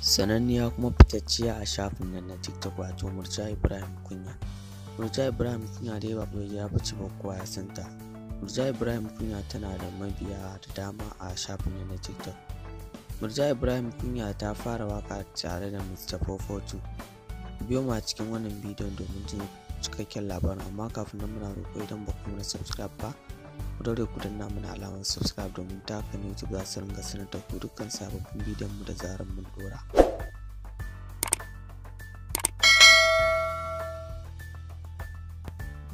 sananniya kuma fitacciya a shafin nan na tiktok wato murja ibrahim kunya murja ibrahim kunya dai ba ya fice ba kowa ya santa murja ibrahim kunya tana da mabiya da dama a shafin nan na tiktok murja ibrahim kunya ta fara waka tare da mustapha fotu biyo ma cikin wannan bidiyon domin jin cikakken labarin amma kafin nan muna roƙo idan ba ku na subscribe ba ku daure ku mana alamar subscribe domin ta kan youtube za su ringa sanar ku dukkan sababbin bidiyon mu da zarar mun dora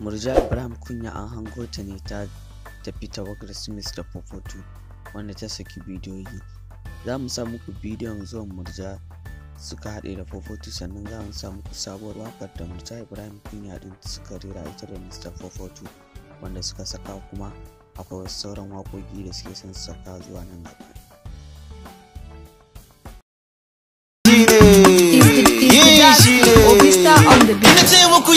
murja ibrahim kunya an hango ta ne ta tafi wakar smith da fofoto wanda ta saki bidiyoyi za mu sa muku bidiyon zuwan murja suka haɗe da fofoto sannan za mu sa muku sabuwar wakar da murja ibrahim kunya din suka rera ita da mr fofoto wanda suka saka kuma akwai wasu sauran waƙoƙi da suke son saka zuwa nan gaba Ina ce muku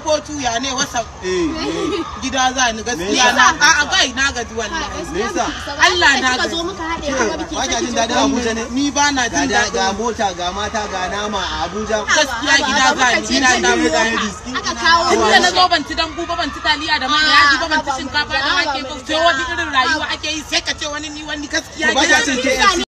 dogo tuya ne wasa eh, eh, gida za ni gaskiya na a a na gaji wallahi Allah na gaji ba ka jin dadin Abuja ne ni ba na jin dadin ga mota ga mata ga nama a Abuja gaskiya gida za ni gida na mu da riski aka kawo na zo ban ci dan guba ban ci taliya da mai yaji ba ban ci shinkafa da wake ba sai wani irin rayuwa ake yi sai ka ce wani ni wani gaskiya gida